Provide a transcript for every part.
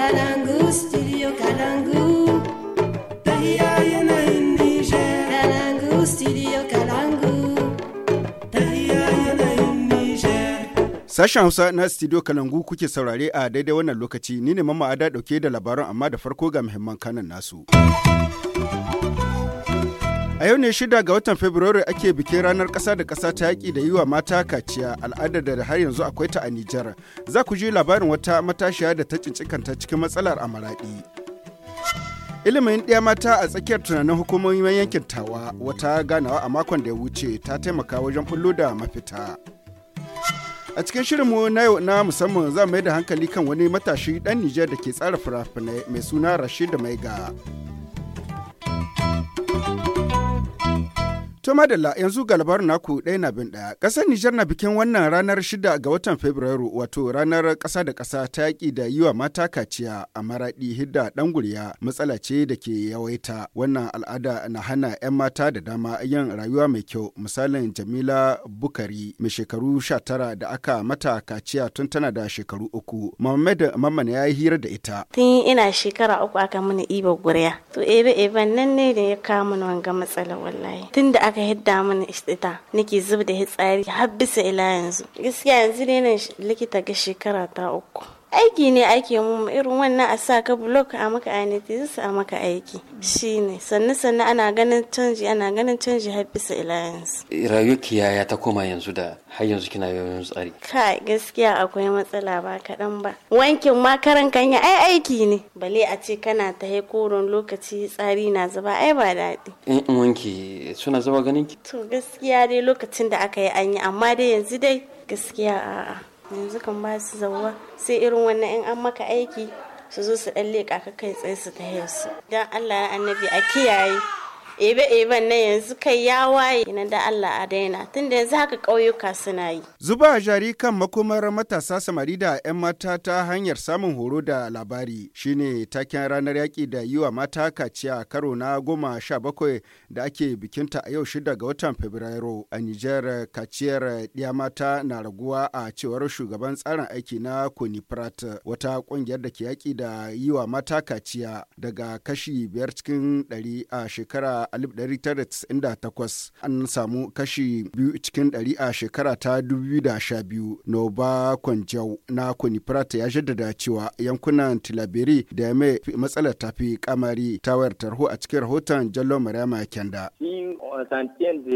Kalangu, studio Kalangu. Sashen Hausa na studio Kalangu kuke saurare a daidai wannan lokaci ni ne mamma ada dauke da labaran amma da farko ga muhimman kanan nasu. A yau ne shida ga watan Fabrairu ake bikin ranar ƙasa da ƙasa ta yaƙi da yi wa mata kaciya al'adar da har yanzu akwai ta a Nijar. Za ku ji labarin wata matashiya da ta cincikanta cikin matsalar a maraɗi. ilimin ɗaya mata a tsakiyar tunanin hukumomin yankin tawa wata ganawa a makon da ya wuce ta taimaka wajen bullo da mafita a cikin shirinmu na yau na musamman za mai da hankali kan wani matashi ɗan nijar da ke tsara fina mai suna rashid maiga To madalla yanzu ga labarin naku ɗaya na bin ɗaya. Ƙasar Nijar na bikin wannan ranar shida ga watan Fabrairu wato ranar ƙasa da ƙasa ta yaƙi da yi wa mata kaciya a maraɗi hidda ɗan guriya matsala ce da ke yawaita. Wannan al'ada na hana 'yan mata da dama yin rayuwa mai kyau misalin Jamila Bukari mai shekaru sha da aka mata kaciya tun tana da shekaru uku. Muhammad Mamman ya yi hira da ita. Tun ina shekara uku aka mini iba guriya. To ebe eban nan ne da ya kawo wanga matsala wallahi. Tun da aka aka hidda mana ita nake zub da hitsari har bisa ila yanzu gaskiya yanzu ne likita ga shekara ta uku aiki ne ake mu irin wannan a sa ka blok a maka anesthesis a maka aiki shine sannan sannan ana ganin canji ana ganin canji har bisa alliance rayuwarki yaya ta koma yanzu da har yanzu kina yoyon tsari kai gaskiya akwai matsala ba kaɗan ba wankin ma karan kanya ai aiki ne bale a ce kana ta koron lokaci tsari na zuba ai ba daɗi in wanki suna zuba ganin ki to gaskiya dai lokacin da aka yi an yi amma dai yanzu dai gaskiya a'a yanzu kan ba su zauwa sai irin wannan in an maka aiki su zo su ɗan leƙa kai tsaye su ta su don allah annabi a kiyaye ebe-eben na yanzu kai ya waye ina da Allah a daina tunda yanzu haka ƙauyuka suna yi. Zuba jari kan makomar matasa samari da 'yan mata ta hanyar samun horo da labari shine taken ranar yaƙi da yiwa mata kaciya karo na goma sha bakwai da ake bikinta a yau shida ga watan Fabrairu a Nijar kaciyar ɗiya mata na raguwa a cewar shugaban tsarin aiki na Koniprat wata ƙungiyar da ke yaƙi da yiwa mata kaciya daga kashi biyar cikin ɗari a shekara 1998 an samu kashi biyu cikin ɗari a shekara ta 2012 noba kwanjau na kunifrat ya jaddada cewa yankunan tilabiri da ya mai matsalar tafi kamari ta wayar tarho a cikin rahoton jallo maryama kyanda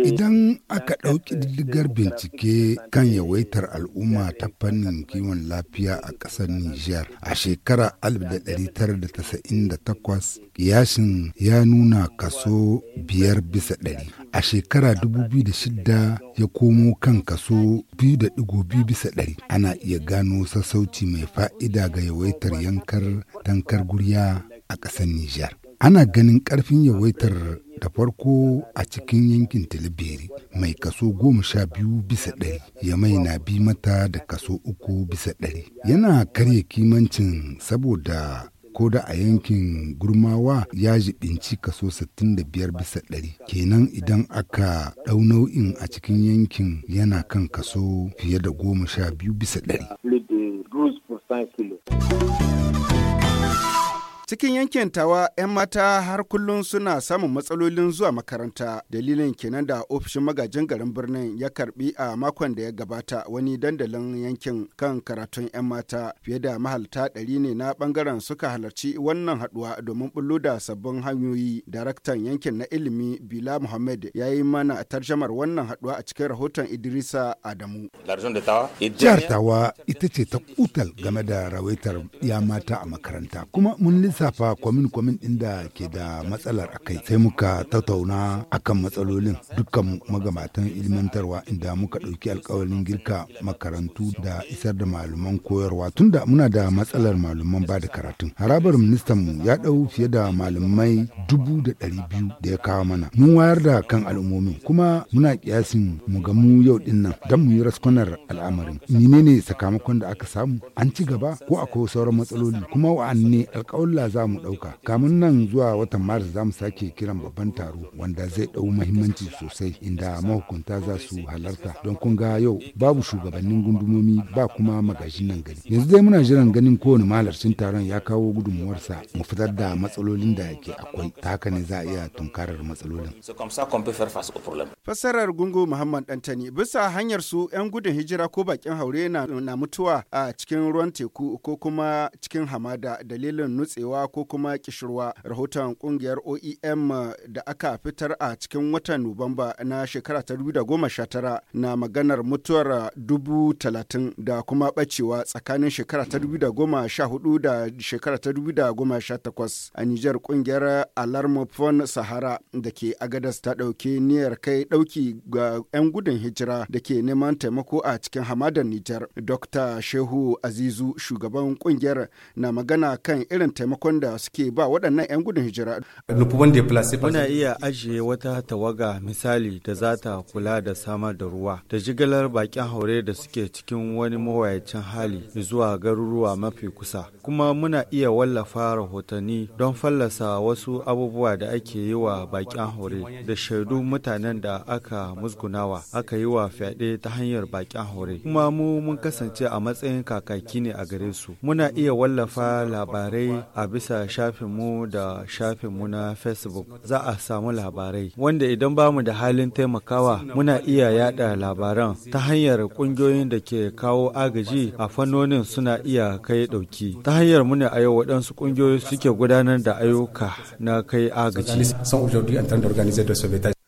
idan aka ɗauki diddigar bincike kan yawaitar al'umma ta fannin kiwon lafiya a ƙasar niger a shekara 1998 kiyashin ya nuna kaso biyar bisa ɗari. A shekara 2006 ya komo kan kaso 2.2 bisa ɗari. Ana iya gano sassauci mai fa'ida ga yawaitar yankar tankar gurya a ƙasar Nijar. Ana ganin ƙarfin yawaitar da farko a cikin yankin Tilibiri mai kaso goma sha biyu bisa ɗari ya mai na bi mata da kaso uku bisa ɗari. Yana karya kimancin saboda ko da a yankin gurmawa ya jibinci kaso 65 bisa ɗari kenan idan aka ɗau nau'in a cikin yankin yana kan kaso fiye da goma sha biyu bisa ɗari. Cikin yankin tawa 'yan mata har kullum suna samun matsalolin zuwa makaranta. Dalilin kenan da ofishin magajin garin birnin ya karbi a makon da ya gabata wani dandalin yankin kan karatun 'yan mata fiye da mahalta ɗari ne na bangaren suka halarci wannan haduwa domin bullo da sabbin hanyoyi. Daraktan yankin na ilimi Bila Muhammad ya yi mana tarjamar wannan haduwa a cikin rahoton Idrisa Adamu. Jihar Tawa ita ce ta kutal game da rawaitar ya mata a makaranta kuma mun lisa. lissafa kwamin-kwamin inda ke da matsalar a kai sai muka tattauna akan matsalolin dukkan magabatan ilmantarwa inda muka ɗauki alkawarin girka makarantu da isar da malaman koyarwa tunda muna da matsalar malaman ba da karatun harabar ministan mu ya ɗau fiye da malamai dubu da ɗari biyu da ya kawo mana mun wayar da kan al'ummomin kuma muna kiyasin mu ga mu yau ɗin nan don mu yi raskunar al'amarin menene sakamakon da aka samu an ci gaba ko akwai sauran matsaloli kuma wa'anne alƙawalla Allah za mu ɗauka. Kamun nan zuwa watan Maris za mu sake kiran babban taro wanda zai ɗau mahimmanci sosai inda mahukunta za su halarta don kun ga yau babu shugabannin gundumomi ba kuma magaji nan gari. Yanzu dai muna jiran ganin kowane malarcin taron ya kawo gudunmuwarsa mu fitar da matsalolin da ke akwai ta haka ne za a iya tunkarar matsalolin. Fassarar Gungu Muhammad Dantani bisa hanyar su 'yan gudun hijira ko bakin haure na mutuwa a cikin ruwan teku ko kuma cikin hamada dalilin nutsewa kosawa ko kuma kishirwa rahoton kungiyar oem da aka fitar a cikin watan nuwamba na shekara ta tara na maganar mutuwar dubu talatin da kuma bacewa tsakanin shekara ta hudu da shekara ta takwas a nijar kungiyar alarmofon sahara da ke agadas ta ɗauki niyar kai ɗauki ga 'yan gudun hijira da ke neman taimako a cikin hamadar nijar dr shehu azizu shugaban kungiyar na magana kan irin taimako. taimakon da suke ba waɗannan 'yan gudun hijira. Muna iya ajiye wata tawaga misali da za ta kula da samar da ruwa da jigilar bakin haure da suke cikin wani mawayacin hali zuwa garuruwa mafi kusa. Kuma muna iya wallafa rahotanni don fallasa wasu abubuwa da ake yi wa bakin haure da shaidu mutanen da aka musgunawa aka yi wa fyaɗe ta hanyar bakin haure. Kuma mu mun kasance a matsayin kakaki ne a gare su. Muna iya wallafa labarai a bisa shafinmu da shafinmu na facebook za a samu labarai wanda idan bamu da halin taimakawa muna iya yada labaran ta hanyar kungiyoyin da ke kawo agaji a fannonin suna iya kai dauki ta hanyar muna a yau waɗansu kungiyoyi suke gudanar da ayyuka na kai agaji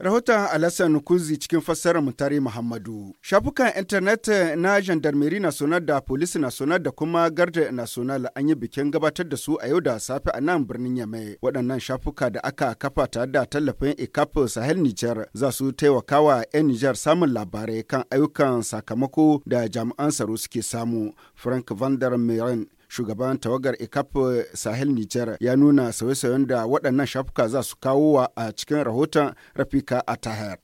Rahoton Alassan Kuzi cikin fassarar Mutare Muhammadu. Shafukan intanet eh, na Gendarmerie National da Police National da kuma Garda National an yi bikin gabatar da su a yau da safe a nan birnin Yamai. Waɗannan shafuka da aka kafa tare da tallafin ECAP Sahel Niger za su taimaka wa 'yan Niger samun labarai kan ayyukan sakamako da jami'an tsaro suke samu. Frank van der shugaban tawagar ecap eh, sahel niger ya nuna sauye-sauyen da waɗannan shafuka za su kawo a cikin rahoton rafika a tahir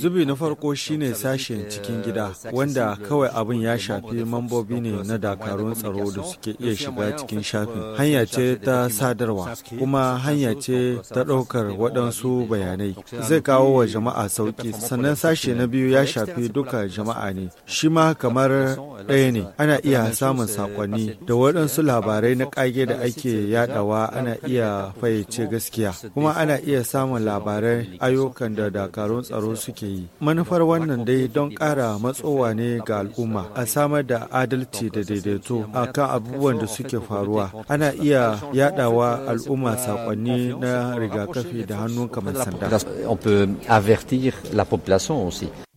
zubi na farko shine sashen cikin gida wanda kawai abin ya shafi mambobi ne na dakarun tsaro da suke iya shiga cikin shafin hanya ce ta sadarwa kuma hanya ce ta ɗaukar waɗansu bayanai zai kawo wa jama'a sauki sannan sashe na biyu ya shafi duka jama'a ne shi ma kamar ɗaya ne ana iya samun saƙonni da waɗansu labarai na ƙage da ake yadawa ana iya fayyace gaskiya kuma ana iya samun labarai ayyukan da dakarun tsaro suke yi manufar wannan dai don ƙara matsowa ne ga al'umma a samar da adalci da daidaito a kan abubuwan da suke faruwa ana iya yadawa al'umma sakonni na rigakafi da hannun kamar sanda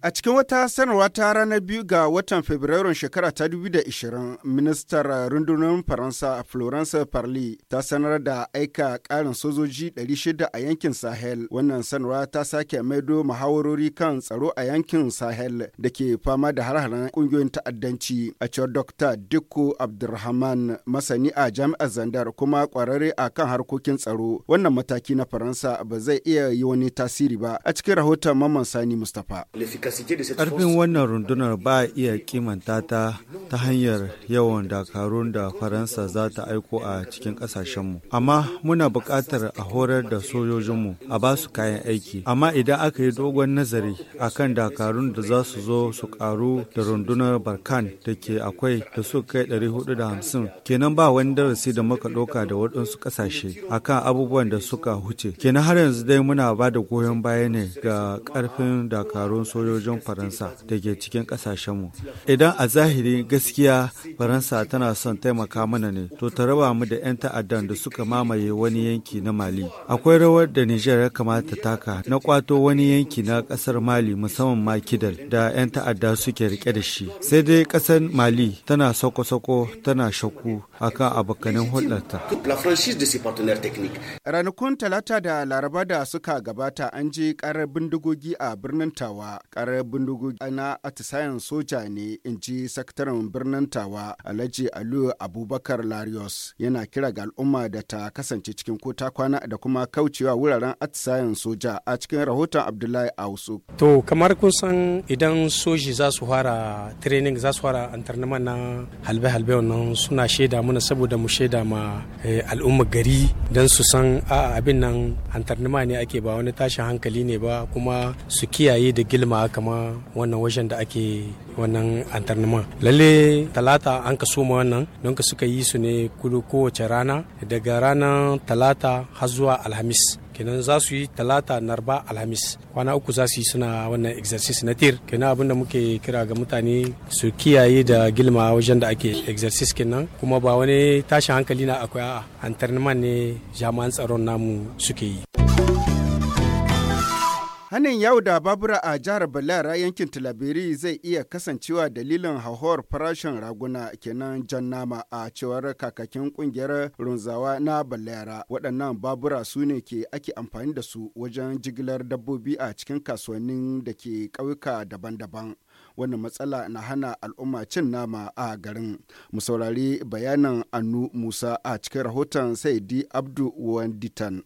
A cikin wata sanarwa ta ranar biyu ga watan Fabrairun shekara ta 2020, ministar rundunar Faransa Florence Parly ta sanar da aika ƙarin sojoji shida a yankin Sahel. Wannan sanarwa ta sake maido muhawarori kan tsaro a yankin Sahel da ke fama da harharen ƙungiyoyin ta'addanci. A cewar Dr. Dikko Abdulrahman masani a jami'ar Zandar kuma ƙwararre a kan harkokin tsaro. Wannan mataki na Faransa ba zai iya yi wani tasiri ba. A cikin rahoton Mamman Sani Mustapha. Karfin wannan rundunar ba a iya kimanta ta ta hanyar yawan dakarun da Faransa za ta aiko a cikin ƙasashenmu. Amma muna buƙatar a horar da sojojinmu a ba su kayan aiki. Amma idan aka yi dogon nazari a kan dakarun da za su zo su ƙaru da rundunar Barkan da ke akwai da su kai 450 kenan ba wani darasi da muka ɗauka da waɗansu ƙasashe akan abubuwan da suka huce. Kenan har yanzu dai muna ba da goyon baya ne ga ƙarfin dakarun sojoji sojojin faransa da ke cikin mu idan a zahiri gaskiya faransa tana son taimaka mana ne to ta raba mu da 'yan ta'addan da suka mamaye wani yanki na mali akwai rawar da nijar ya kamata taka na kwato wani yanki na kasar mali musamman ma kidal da 'yan ta'adda suke rike da shi sai dai ƙasar mali tana sako-sako tana shakku akan abokanin hulɗarta ranakun talata da laraba da suka gabata an je karar bindigogi a birnin tawa har bindigo na atisayen soja ne in ji sakataren birnin tawa alhaji aliyu abubakar larios yana kira ga al'umma da ta kasance cikin kota kwana da kuma kaucewa wuraren atisayen soja a cikin rahoton abdullahi ausu to kamar kun idan soji za su fara training za su fara antarnama na halbe-halbe wannan suna shaida mana saboda mu shaida ma eh, al'umma gari don su san a abin nan antarnama ne ake ba wani tashin hankali ne ba kuma su kiyaye da gilma haka kama wannan wajen da ake wannan antarnama lalle talata an ka soma wannan don ka suka yi su ne kudu kowace rana daga ranar talata har zuwa alhamis kenan za su yi talata narba alhamis kwana uku za su yi suna wannan exercise na tir kenan abinda muke kira ga mutane su kiyaye da gilma wajen da ake exercise kenan kuma ba wani tashin hankali na akwai a antarnima ne jami'an tsaron namu suke yi Hanin yau da babura a jihar Balara yankin Tilaberi zai iya kasancewa dalilin hauhawar farashin raguna kenan jan nama a cewar kakakin kungiyar runzawa na Balara. Waɗannan babura su ne ke ake amfani da su wajen jigilar dabbobi a cikin kasuwannin da ke ƙauyuka daban-daban. wannan matsala na hana al'umma cin nama a garin mu saurari bayanan annu musa a cikin rahoton saidi abdu wanditan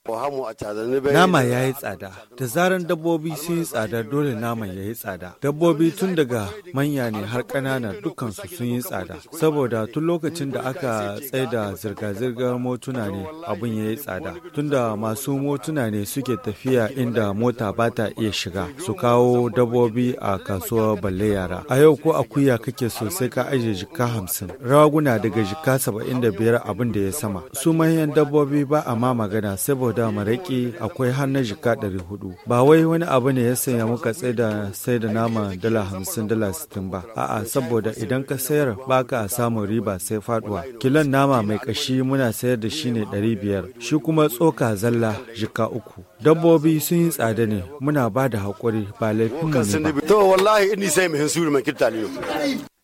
nama ya yi tsada da zaran dabbobi sun yi tsada dole naman ya yi tsada dabbobi tun daga manya ne har ƙanana dukansu sun yi tsada saboda tun lokacin da aka tsaida zirga-zirgar motuna ne abun ya yi tsada tunda masu motuna ne suke tafiya inda mota ba ta iya shiga su kawo dabbobi a kasuwar balleya yara a yau ko akuya kake sosai ka ajiye jika hamsin raguna daga jika saba'in da biyar abin da ya sama su manyan dabbobi ba a ma magana saboda maraƙi akwai har jika ɗari hudu ba wai wani abu ne ya sanya muka tsada sai da nama dala hamsin dala sittin ba a'a saboda idan ka sayar ba ka samun riba sai faduwa kilon nama mai ƙashi muna sayar da shi ne ɗari biyar shi kuma tsoka zalla jika uku dabbobi sun yi tsada ne muna ba da haƙuri ba laifin mu ne ba to wallahi ni sai mu hinsuri man kirtali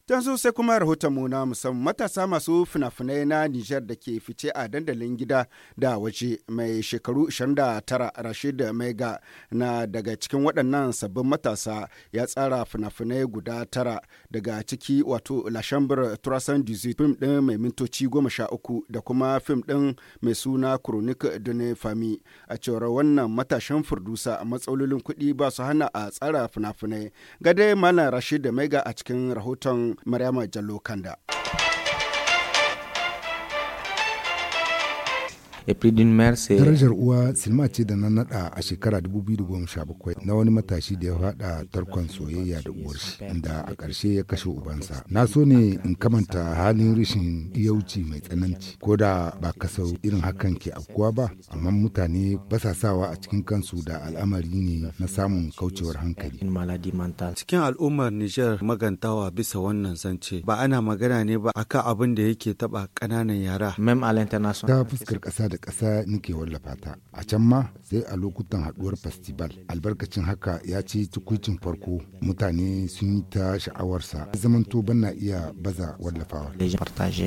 Don su sai kuma rahoton mu na musamman matasa masu fina-finai na Nijar da ke fice a dandalin gida da waje mai shekaru 29 Rashid Mega na daga cikin waɗannan sabbin matasa ya tsara fina-finai guda tara daga ciki wato La Chambre 318 fim ɗin mai mintoci uku da kuma fim ɗin mai suna Chronique d'une Fami a cewar wannan matashin furdusa matsalolin kuɗi ba su hana a tsara fina-finai. Ga dai Malam Rashid Mega a cikin rahoton maryama jallo kanda Darajar uwa silma ce da na nada a shekara 2017 na wani matashi da ya fada tarkon soyayya da uwar shi inda a karshe ya kashe ubansa. Na so ne in kamanta halin rashin yauci mai tsananci ko da ba kasau irin hakan ke afkuwa ba amma mutane ba sa sawa a cikin kansu da al'amari ne na samun kaucewar hankali. Cikin al'ummar Nijar magantawa bisa wannan zance ba ana magana ne ba akan abin da yake taba ƙananan yara. Ta fuskar ƙasa da ƙasa nike wallafa ta. A can ma sai a lokutan haɗuwar festival. Albarkacin haka ya ci tukuicin farko mutane sun yi ta sha'awarsa. Zamanto banna iya baza wallafawa.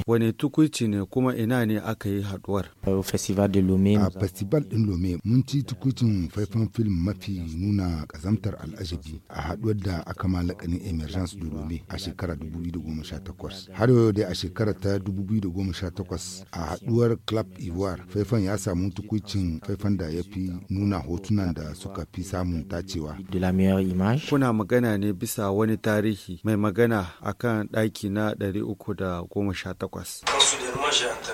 Wani tukuci ne kuma ina ne aka yi haɗuwar? A festival ɗin Lome mun ci tukwicin faifan film mafi nuna ƙazamtar al'ajabi a haɗuwar da aka malakanin Emergence de Lome a shekarar 2018. Har yau dai a shekarar ta 2018 a haɗuwar Club Ivoire faifan ya samu tukucin faifan da ya fi nuna hotunan da suka fi samun dacewa. Kuna magana ne bisa wani tarihi mai magana akan ɗaki na 318.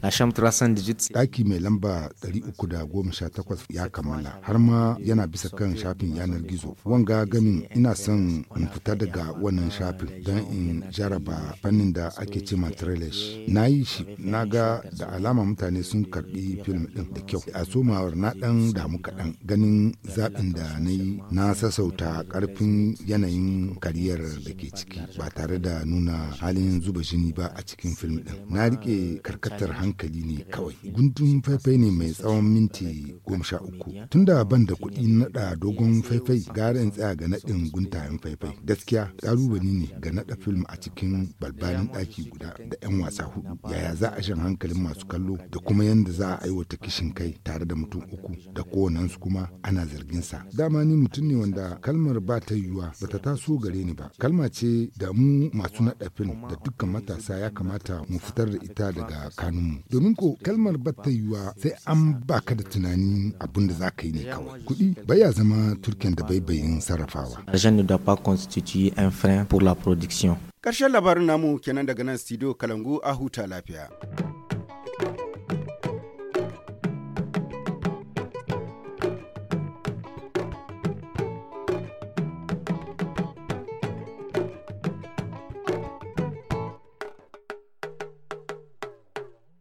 Daki Ɗaki mai lamba 318 ya kammala har ma yana bisa kan shafin yanar gizo. Wanga gamin ina son in fita daga wannan shafin don in jaraba fannin da ake ce matrelesh. Na yi shi na ga da alama mutane sun karbi film ɗin da kyau a somawar na dan damu kaɗan ganin zaɓin da na yi na sassauta ƙarfin yanayin kariyar da ke ciki ba tare da nuna halin zuba jini ba a cikin film ɗin na rike karkatar hankali ne kawai guntun faifai ne mai tsawon minti goma sha uku tunda ban da kuɗi naɗa dogon faifai gara in tsaya ga naɗin guntayen faifai gaskiya ƙalubale ne ga naɗa film a cikin balbalin ɗaki guda da 'yan wasa hudu yaya za a shan hankalin masu kallo da kuma yadda da za a aiwata kishin kai tare da mutum uku da kowanensu kuma ana zargin sa dama ni mutum ne wanda kalmar ba ta yiwuwa ba ta taso gare ni ba kalma ce da mu masu naɗa fim da dukkan matasa ya kamata mu fitar da ita daga mu. domin ko kalmar ba ta yiwuwa sai an baka da tunanin abun da za ka yi ne kawai kuɗi baya zama turken da baibayin sarrafawa. L'argent ne doit pas constituer un frein pour la production. Ƙarshen labarin namu kenan daga nan studio Kalangu a huta lafiya.